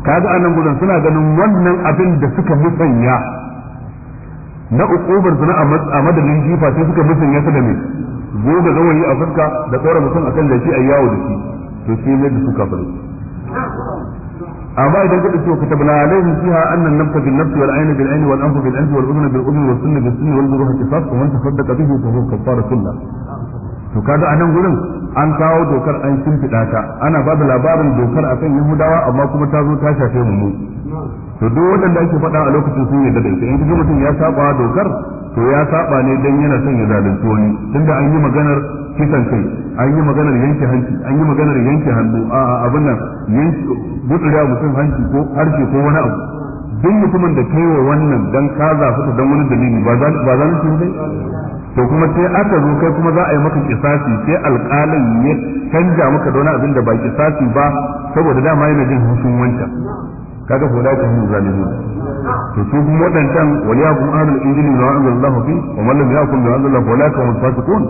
Ka ga anan gudan suna ganin wannan abin da suka musanya na ukubar na a madadin jifa sai suka musanya su da me goga gawayi a fuska da tsora mutum kan da shi a yawo da shi to shi ne da su kafirai amma idan ka dace kata tabna alaihim fiha anna an-nafsa bin-nafsi wal-ayna bil-ayni wal-anfa bil-anfi wal-udhna bil-udhni was-sunna bis-sunni wal-ruha qisas wa man tasaddaqa bihi fa huwa kafara kullah to kaga anan gurin an kawo dokar an shimfiɗa ta ana ba da labarin dokar akan yahudawa amma kuma ta zo ta shafe mu to duk waɗanda ake faɗa a lokacin sun yi da in kaga mutum ya saba dokar to ya saba ne dan yana son ya zalunci wani tunda an yi maganar kisan kai an yi maganar yanke hanci an yi maganar yanke hannu a abin nan yanke gutsura mutum hanci ko harshe ko wani abu duk mutumin da kaiwa wannan dan ka zafi dan wani dalili ba za za ne to kuma sai aka zo kai kuma za a yi maka kisasi sai alƙalin ya canja maka don abin da ba kisasi ba saboda dama yana jin hushin wancan kaga ko da kan zalimi to su kuma wadancan kuma ahlul injili wa anzalallahu fi wa man lam yakul bi Allah wa la kan fasiqun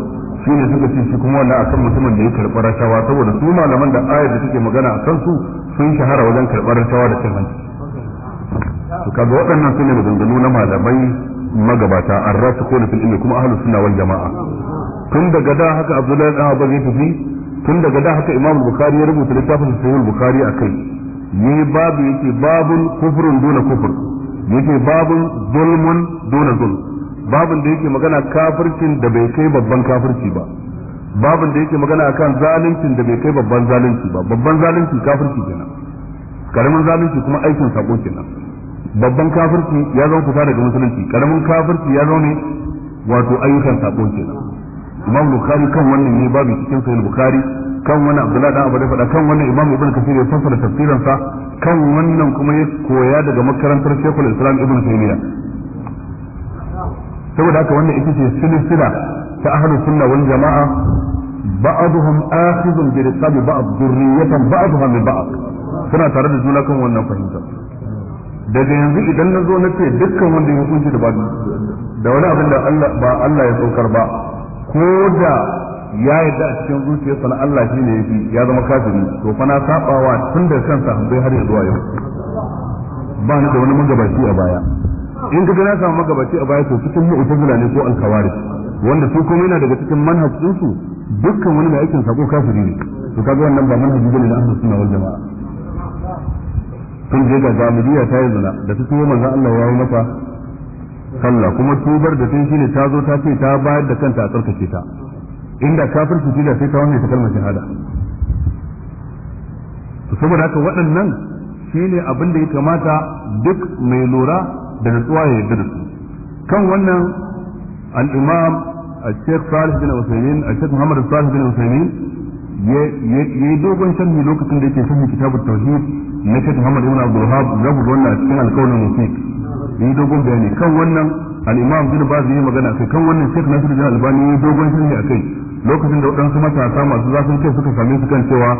shi ne suka ce shi kuma wanda a kan mutumin da ya karbar rashawa saboda su malaman da ayar da take magana a su sun shahara wajen karbar rashawa da cin hanci to kaga waɗannan su ne dangano na malamai magabata ar-rasikhuna fil ilmi kuma ahlus sunna wal jamaa tun daga da haka abdullahi dan abba zai tafi tun daga da haka imam bukhari ya rubuta littafin sahih bukhari akai ni babu yake babun kufrun duna kufr yake babun zulmun duna zulm babun da yake magana kafircin da bai kai babban kafirci ba babu da yake magana akan zaluncin da bai kai babban zalunci ba babban zalunci kafirci kenan karamin zalunci kuma aikin sako kenan babban kafirci ya zama fita daga musulunci karamin kafirci ya zama wato ayyukan sabo kenan imam bukhari kan wannan ne babu cikin sahih bukhari kan wannan abdullahi dan abdai fada kan wannan imam ibn kasir ya fassara tafsirin sa kan wannan kuma ya koya daga makarantar shekul islam ibn taymiya saboda haka wannan ita ce silsila ta ahlus sunna wal jamaa ba'dhum akhidhun bi riqabi ba'd dhurriyatan ba'dha min ba'd suna tare da juna kan wannan fahimta daga yanzu idan na zo na ce dukkan wanda ya kunshi da da wani abin da ba Allah ya saukar ba ko da ya yarda a cikin zuciyarsa na Allah shi ne yafi ya zama kafiri to fa na sabawa tun da kansa bai har zuwa yau ba ni da wani magabaci a baya in ka na sama magabaci a baya to cikin mu'tazila ne ko al-khawarij wanda su kuma yana daga cikin manhajinsu dukkan wani mai aikin sako kafiri ne to kaga wannan ba manhajin ne na ahlus sunna wal jamaa sun je ga galibiya ta yi zina da ta tuwo manzon Allah ya yi mata Kalla kuma tubar da tun shine ta zo ta ce ta bayar da kanta a tsarkake ta inda kafin su da sai ta wannan ta kalmar shahada saboda haka waɗannan shine abin da ya kamata duk mai lura da nutsuwa ya yarda da su kan wannan al-imam الشيخ صالح بن عثيمين الشيخ محمد صالح بن عثيمين يدوب شرح لوكة ديك شرح كتاب na ce Muhammad ibn Abdul Wahhab za ku wannan a cikin alƙawarin mufiq yi dogon bayani kan wannan al-Imam Ibn Baz yi magana kai kan wannan Sheikh Nasiruddin Albani yi dogon a akai lokacin da waɗansu matasa masu zafin kai suka same su kan cewa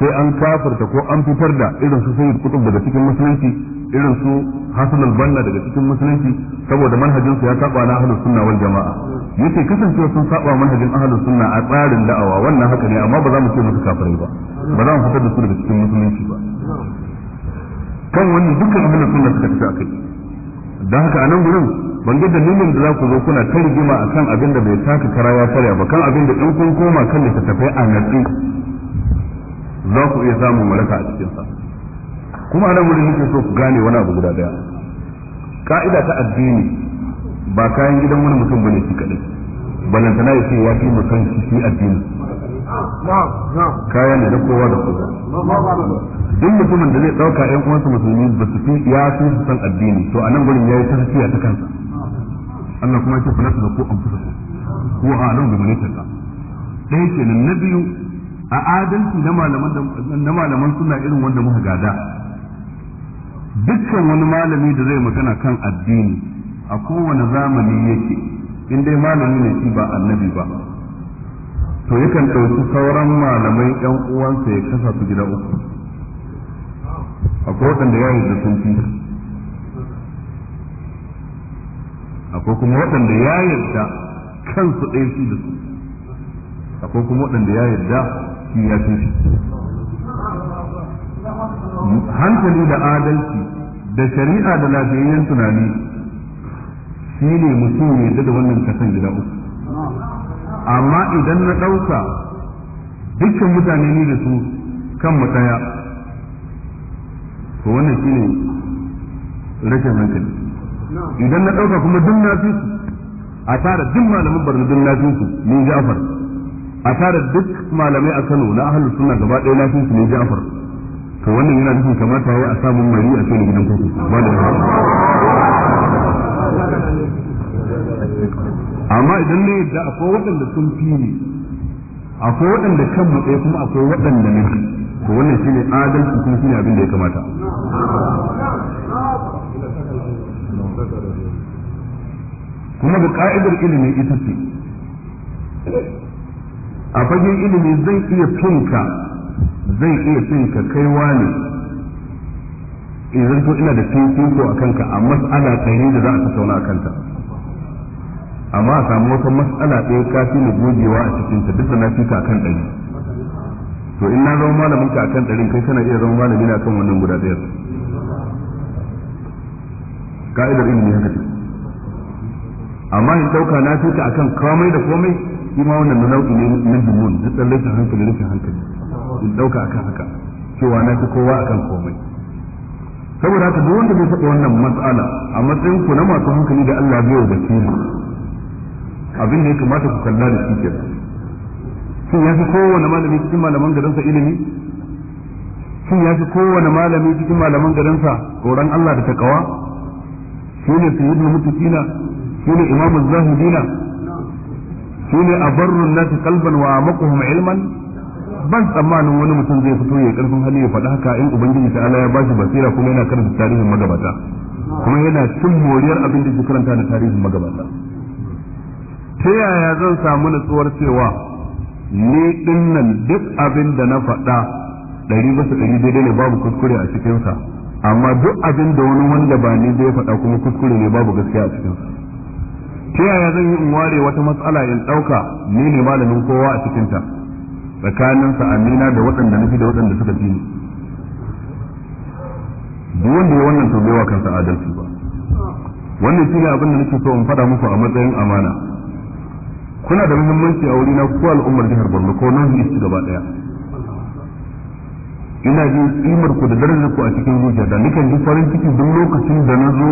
sai an kafarta ko an fitar da irin su sayyid kutub daga cikin musulunci irin su hasan al daga cikin musulunci saboda manhajin su ya saba na ahlus sunna wal jamaa yake kasancewa sun saba manhajin ahlus sunna a tsarin da'awa wannan haka ne amma ba za mu ce musu kafirai ba ba za mu fitar da su daga cikin musulunci ba kan wani dukkan abin da sunna suka tafi akai dan haka anan gurin ban ga dalilin da za ku zo kuna ta rigima akan abin da bai taka karawa ya farya ba kan abin da in kun koma kan littattafai a natsi za ku iya samun malaka a cikin sa kuma anan gurin yake so ku gane wani abu guda daya ka'ida ta addini ba kayan gidan wani mutum bane shi kadai balantana ya ce ya fi musan shi addini kaya ne da kowa da kowa duk mutumin da zai ɗauka ɗan uwansa musulmi ba su fi ya fi su san addini to a nan gurin yi ta hakiya ta kansa Allah kuma ce kula da ko an fusa Ko a nan da mulkin ka dai na biyu a adalci na malaman suna irin wanda muka gada dukkan wani malami da zai magana kan addini a kowane zamani yake in dai malami ne shi ba annabi ba to yakan ɗauki sauran malamai ɗan uwansa ya kasa su gida uku akwai waɗanda ya yarda sun fi akwai kuma waɗanda ya yarda kansu ɗaya su da su akwai kuma waɗanda ya yarda shi ya fi shi hankali da adalci da shari'a da lafiyayyen tunani shi ne mutum ya yarda da wannan kasan gida uku amma idan na ɗauka dukkan mutane ne da su kan mataya to wannan shine rashin hankali idan na ɗauka kuma duk na fi su a tara duk malamin barna duk na fi su ni Ja'far a tara duk malamai a Kano na ahlus sunna gaba ɗaya na fi su ni Ja'far to wannan yana nufin kamata ya a samun mari a cikin gidan kuku ba da amma idan ne yadda akwai waɗanda sun fi ne akwai waɗanda kan matsayi kuma akwai waɗanda ne to wannan shine adalci kuma shine abin da ya kamata kuma ga ka'idar ilimi ita ce a fagen ilimi zai iya finka zai iya finka kaiwa ne idan eh, to ina da finko a kanka a mas'ala ɗari da za a tattauna a kanta amma a samu wata mas'ala ɗaya kafi na gogewa a cikinta duk da na fika a kan ɗari to in na zama malamin ka akan ɗarin kai kana iya zama malami na kan wannan guda ɗaya ka'idar ilimi haka ce amma in ɗauka na fi ka akan komai da komai shi ma wannan na nau'i ne na jimun na tsalle rashin hankali rashin hankali in ɗauka akan haka cewa na fi kowa akan komai saboda haka duk wanda bai faɗi wannan matsala a matsayin ku na masu hankali da Allah bai wa ku. abin da ya kamata ku kalla da shi kenan shin ya fi kowane malami cikin malaman garinsa ilimi shin ya fi kowane malami cikin malaman garinsa tsoron Allah da takawa shi ne sayyidul mutukina shi ne imamu zahidina shi ne kalban wa makuhum ilman ban tsammanin wani mutum zai fito ya karfin hali ya faɗi haka in ubangiji ta Allah ya bashi basira kuma yana karanta tarihin magabata kuma yana cin moriyar abin da ke karanta da tarihin magabata ta yaya zan samu natsuwar cewa ni dinnan duk abin da na faɗa ɗari bisa ɗari daidai ne babu kuskure a cikinsa amma duk abin da wani wanda ba ni zai faɗa kuma kuskure ne babu gaskiya a cikinsa ta yaya zan yi in ware wata matsala in ɗauka ni ne malamin kowa a cikinta tsakanin sa'amina da waɗanda nufi da waɗanda suka fi ni duk wanda ya wannan to kansa adalci ba wannan shi ne abin da nake so in faɗa muku a matsayin amana kuna da muhimmanci a na ko al'ummar jihar Borno ko nan East gaba daya ina jin imar ku da darajar ku a cikin zuciya da nikan ji farin ciki duk lokacin da na zo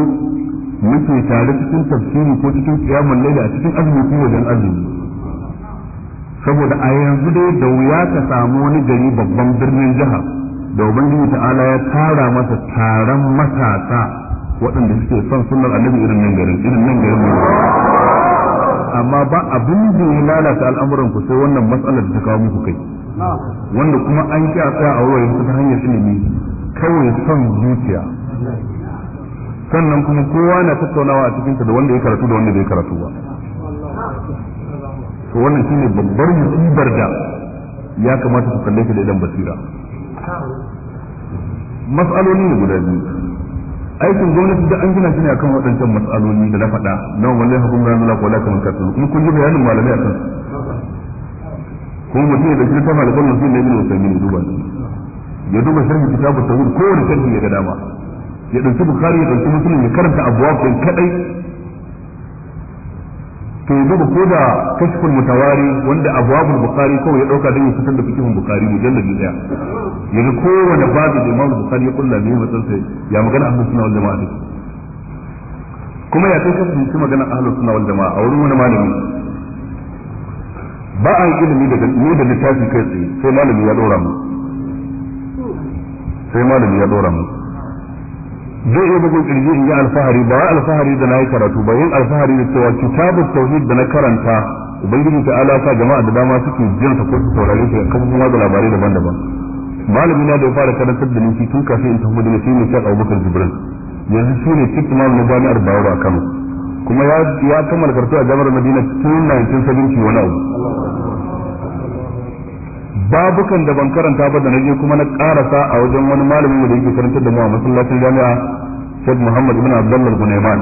muke tare cikin tafsiri ko cikin kiyamar laila a cikin azumi ko wajen azumi saboda a yanzu dai da wuya ka samu wani gari babban birnin jiha da ubangiji ta'ala ya tara masa taron matasa waɗanda suke son sunan annabi irin nan garin irin nan garin amma ba abin da ya lalata al'amuran ku sai wannan matsalar da ta kawo muku kai wanda kuma an ki a tsaya a wurin ta hanyar ilimi kawai son zuciya sannan kuma kowa na tattaunawa a cikin da wanda ya karatu da wanda bai karatu ba to wannan shine babbar musibar da ya kamata ku kalle shi da idan basira mas'aloli ne guda biyu aikin gwamnati da an gina shi ne akan waɗancan matsaloli da na faɗa don wallahi hukum gani Allah wala kamar kasu Kuma kun ji bayanin malamai kan. kuma mutum da shi ta malaman mutum ne mai wasanni ne duba ya duba sharhi kitabu tawhid kowane sharhi ya ga dama ya dauki bukhari ya dauki muslim ya karanta abuwa kai kadai to yanzu ba ko da mutawari wanda abwabul bukhari kawai ya dauka ya fitar da fikihun daya yanzu kowane babu da ya kulla sai ya magana wal jamaa kuma ya kai kafin magana ahlus suna wal jamaa a wurin wani malami ba a yi ilimi daga ne da littafi kai tsaye sai malami ya dora mu sai malami ya dora mu zai iya bugun ƙirji in yi alfahari ba alfahari da na yi karatu ba yin alfahari da cewa kitabun tauhid da na karanta ubangiji ta alaka jama'a da dama suke jin ta ko su saurare shi kafofin da labarai daban-daban malami na da ya fara karantar da ni tun kafin in tafi madina shi ne shek abubakar jibril yanzu shi ne cikin mamu na jami'ar bayero a kano kuma ya kammala karatu a jami'ar madina tun 1970 wani abu babukan da ban karanta ba da na je kuma na karasa a wajen wani malamin da yake karantar da mu a masallacin jami'a Sheikh Muhammad ibn Abdullah Gunaiman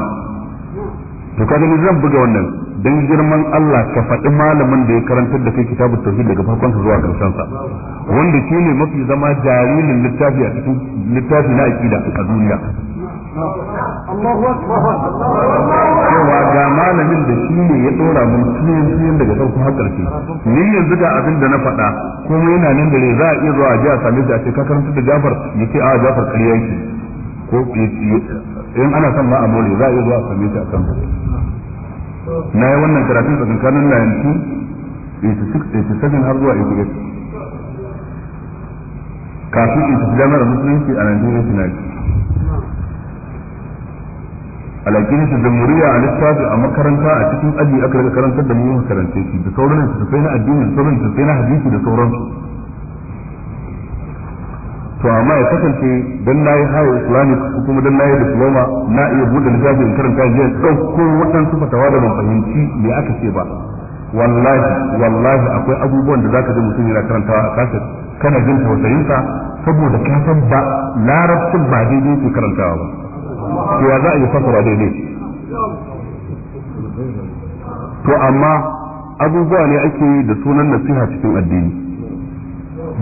to kaga ni zan buga wannan dan girman Allah ka faɗi malamin da ya karantar da kai kitabut tauhid daga farkon zuwa karshen sa wanda ne mafi zama jaririn littafi a cikin littafi na aqida a duniya cewa ga malamin da shi ne ya dora mun cikin cikin daga farko har karshe ni yanzu ga abin da na faɗa kuma yana nan da ne za a iya zuwa a ji a same shi a ce karanta da Jafar yace a Jafar ƙarya yake ko in ana son ma a more za a iya zuwa a same shi a kan na yi wannan karatun tsakankanin 1986 87 har zuwa 88 kafin in tafi jami'ar musulunci a Najeriya suna alaƙin su jamhuriya a littafi a makaranta a cikin aji aka rika karantar da mu karance shi da sauran su sai na addini sauran su sai na hadisi da sauran su. to amma ya kasance dan nayi higher islamic ko kuma dan nayi diploma na iya buɗe littafi in karanta jiya ɗauko waɗansu fatawa da ban fahimci me aka ce ba wallahi wallahi akwai abubuwan da zaka ji mutum yana karantawa a kasar kana jin tausayinsa saboda ka san ba larabcin ba daidai ke karantawa ba ya za a yi fasara daidai to amma abubuwa ne ake yi da sunan nasiha cikin addini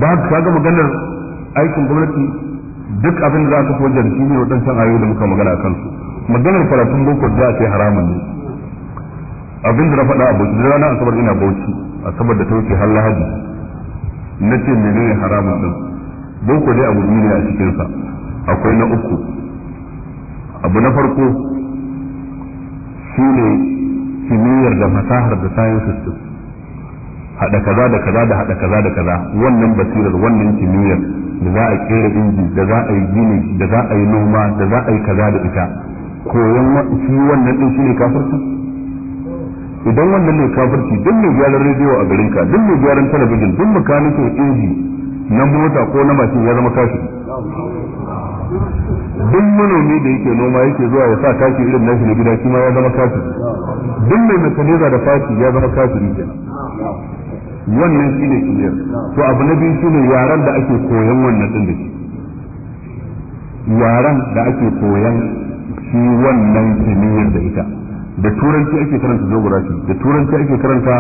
ba haka kaga maganar aikin gwamnati duk abin da za ka wajen shi ne waɗancan ayo da muka magana a kansu maganar faratun boko za a ce haramun ne abin da na faɗa a bauchi da rana asabar ina bauchi asabar da ta wuce har lahadi na ce menene haramun din boko dai abu ne a cikinsa akwai na uku abu na farko shine kimiyyar da fasahar da sciences din hada kaza da kaza da hada kaza da kaza wannan basirar wannan kimiyyar da za a kera inji da za a yi gini da za a yi noma da za a yi kaza da ita koyon shi wannan din shine kafirci idan wannan ne kafirci duk mai gyaran rediyo a garin ka duk mai gyaran talabijin duk makanikin inji na mota ko na mashin ya zama kashi. duk manomi da yake noma yake zuwa ya sa taki irin nashi da gida shi ma ya zama kashi. duk mai mekaniza da fashi ya zama kashi kenan wannan shi ne kibiyar to abu na biyu ne yaran da ake koyan wannan din da shi yaran da ake koyan shi wannan kimiyyar da ita da turanci ake karanta geography da turanci ake karanta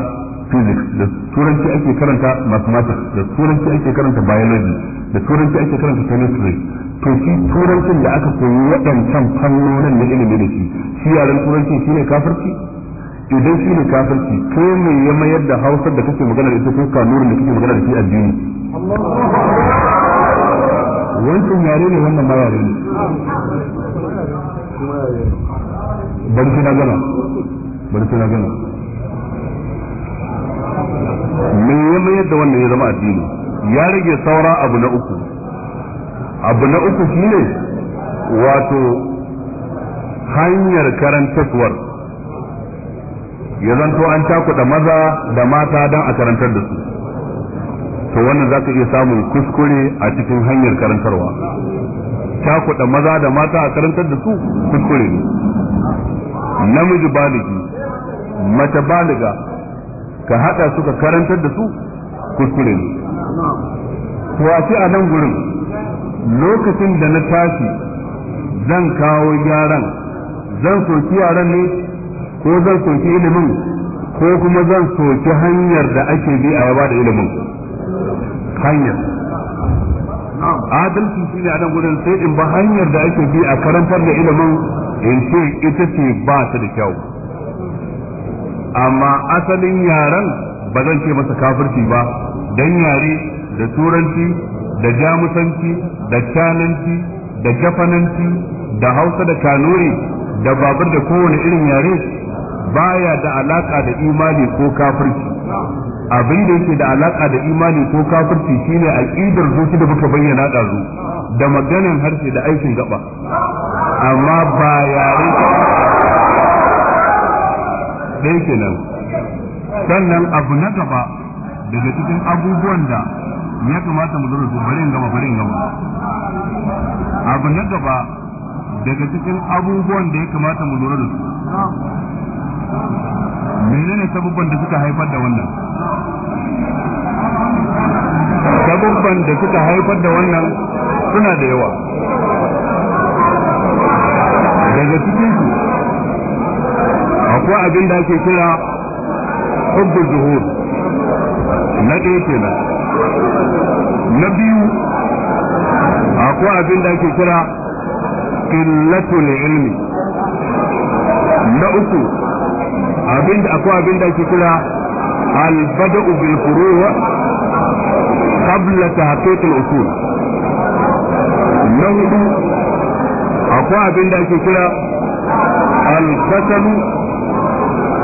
physics da turanci ake karanta mathematics da turanci ake karanta biology da turanci ake karanta chemistry to shi turancin da aka koyi waɗancan fannonin na ilimi da shi shi yaren turanci shi ne kafirci idan shi ne kafirci ko me ya mayar da hausar da kake magana da ita ko kanurin da kake magana da shi addini wancan yare ne wannan ma yare ne bari sai na gana bari sai na gana me ya mayar da wannan ya zama addini ya rage saura abu na uku abu na uku shine wato hanyar karantaswar ya zanto an cakuɗa maza da mata don a karantar da su to wannan za ka iya samun kuskure a cikin hanyar karantarwa cakuɗa maza da mata a karantar da su kuskure ne namiji baligi mace baliga ka haɗa suka karantar da su kuskure ne wace a nan gurin lokacin da na tashi zan kawo gyaran zan soki yaran ne ko zan soki ilimin ko kuma zan soki hanyar da ake bi a yaba da ilimin hanyar adalci shi ne a nan gudun sai in ba hanyar da ake bi a karantar da ilimin in ce ita ce ba ta da kyau amma asalin yaran ba zan ce masa kafirci ba dan yare da turanci da jamusanci da cananci da gafananci, da hausa da kanuri da babur da kowane irin yare baya da alaka da imani ko kafirci abin da yake da alaka da imani ko kafirci shine aqidar zuci da muka bayyana zu da maganin harshe da aikin gaba amma ba yare dai kenan sannan abu na gaba daga cikin abubuwan da ya kamata mu lura su bari in gaba bari in gaba abu na gaba daga cikin abubuwan da ya kamata mu lura da su menene sabubban da suka haifar da wannan sabubban da suka haifar da wannan suna da yawa daga cikin su akwai abin da ake kira hubbul zuhur na ɗaya kenan na biyu akwai abin da ake kira qillatul ilmi na uku abin da akwai abin da ake kira albada'u bil furuwa qabla tahqiq usul na hudu akwai abin da ake kira al ya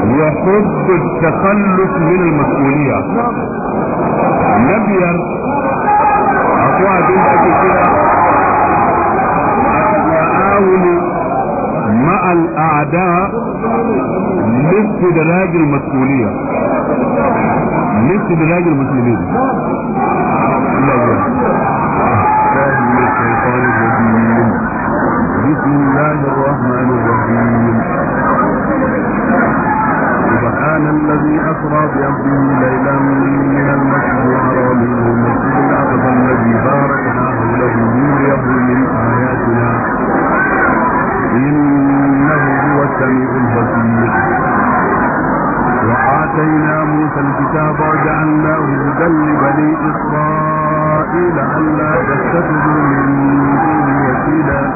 يحب da من المسؤولية na biyar akwai abin da ake kira التعاون مع الأعداء لاستدراج المسؤولية لاستدراج المسؤولين بسم الله الرحمن الرحيم سبحان الذي أسرى بعبده ليلا من المسجد الحرام والمسجد الأقصى الذي باركنا له لنريه من آياتنا إنه هو السميع البصير وآتينا موسى الكتاب وجعلناه هدى لبني إسرائيل ألا تتخذوا من دونه وكيلا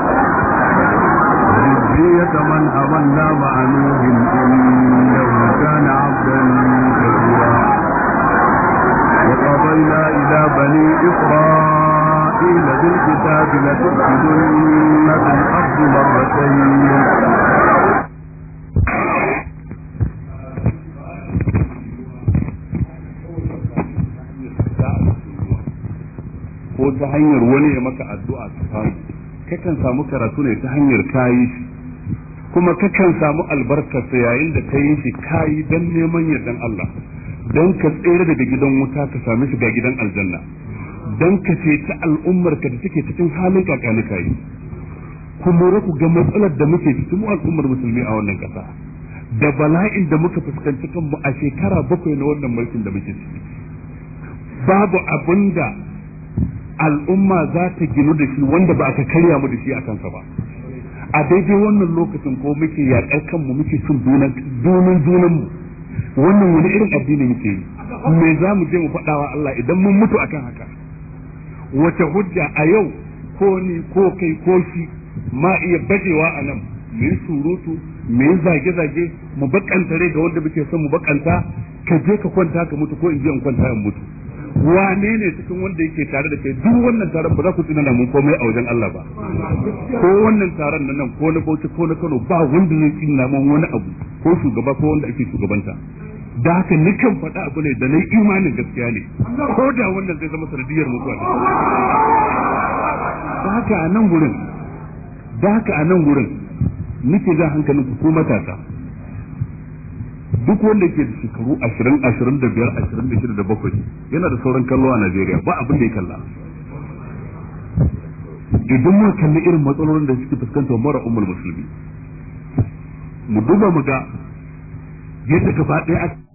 ذرية من أضل مع نوح إنه كان عبدا شكورا وقضينا إلى بني إسرائيل بالكتاب لتفسدن في الأرض مرتين ko ta hanyar wani ya maka addu'a tsakanin kakan samu karatu ne ta hanyar kayi shi kuma kakan samu albarkarsa yayin da ka yi shi kayi don neman yardan Allah don ka tsere daga gidan wuta ka sami shiga gidan aljanna don ka ceci al'ummar ka da take cikin halin kakani kayi kuma ku ga matsalar da muke mu al'ummar musulmi a wannan kasa da bala'in da muka fuskanci kanmu a shekara bakwai na wannan mulkin da muke ciki babu abinda. al'umma za ta ginu da shi wanda ba ka karya mu da shi a kansa ba a daidai wannan lokacin ko muke yaƙar kanmu muke cin dunan dunanmu wannan wani irin addini muke yi me za mu je mu faɗawa Allah idan mun mutu akan haka wace hujja a yau ko ni ko kai ko shi ma iya bajewa a nan mu surutu mu zage-zage mu bakanta rai ga wanda muke son mu bakanta ka je ka kwanta ka mutu ko in je in kwanta in mutu wane ne cikin wanda yake tare da kai duk wannan taron ba za ku tunana mun komai a wajen Allah ba ko wannan taron nan nan ko na Bauchi ko na Kano ba wanda ya tunana mun wani abu ko shugaba ko wanda ake shugabanta da haka nikan faɗa abu ne da na imanin gaskiya ne ko da wannan zai zama sanadiyar mutuwa da haka a nan gurin da haka a nan gurin nake za hankalin ku ko matasa duk wanda yake da shekaru 20 25 26 da bakwai yana da sauran kallo a Najeriya ba abin da ya kalla idan mun kalli irin matsalolin da suke fuskanta mara ummul musulmi mu duba mu ga yadda ka gaba ɗaya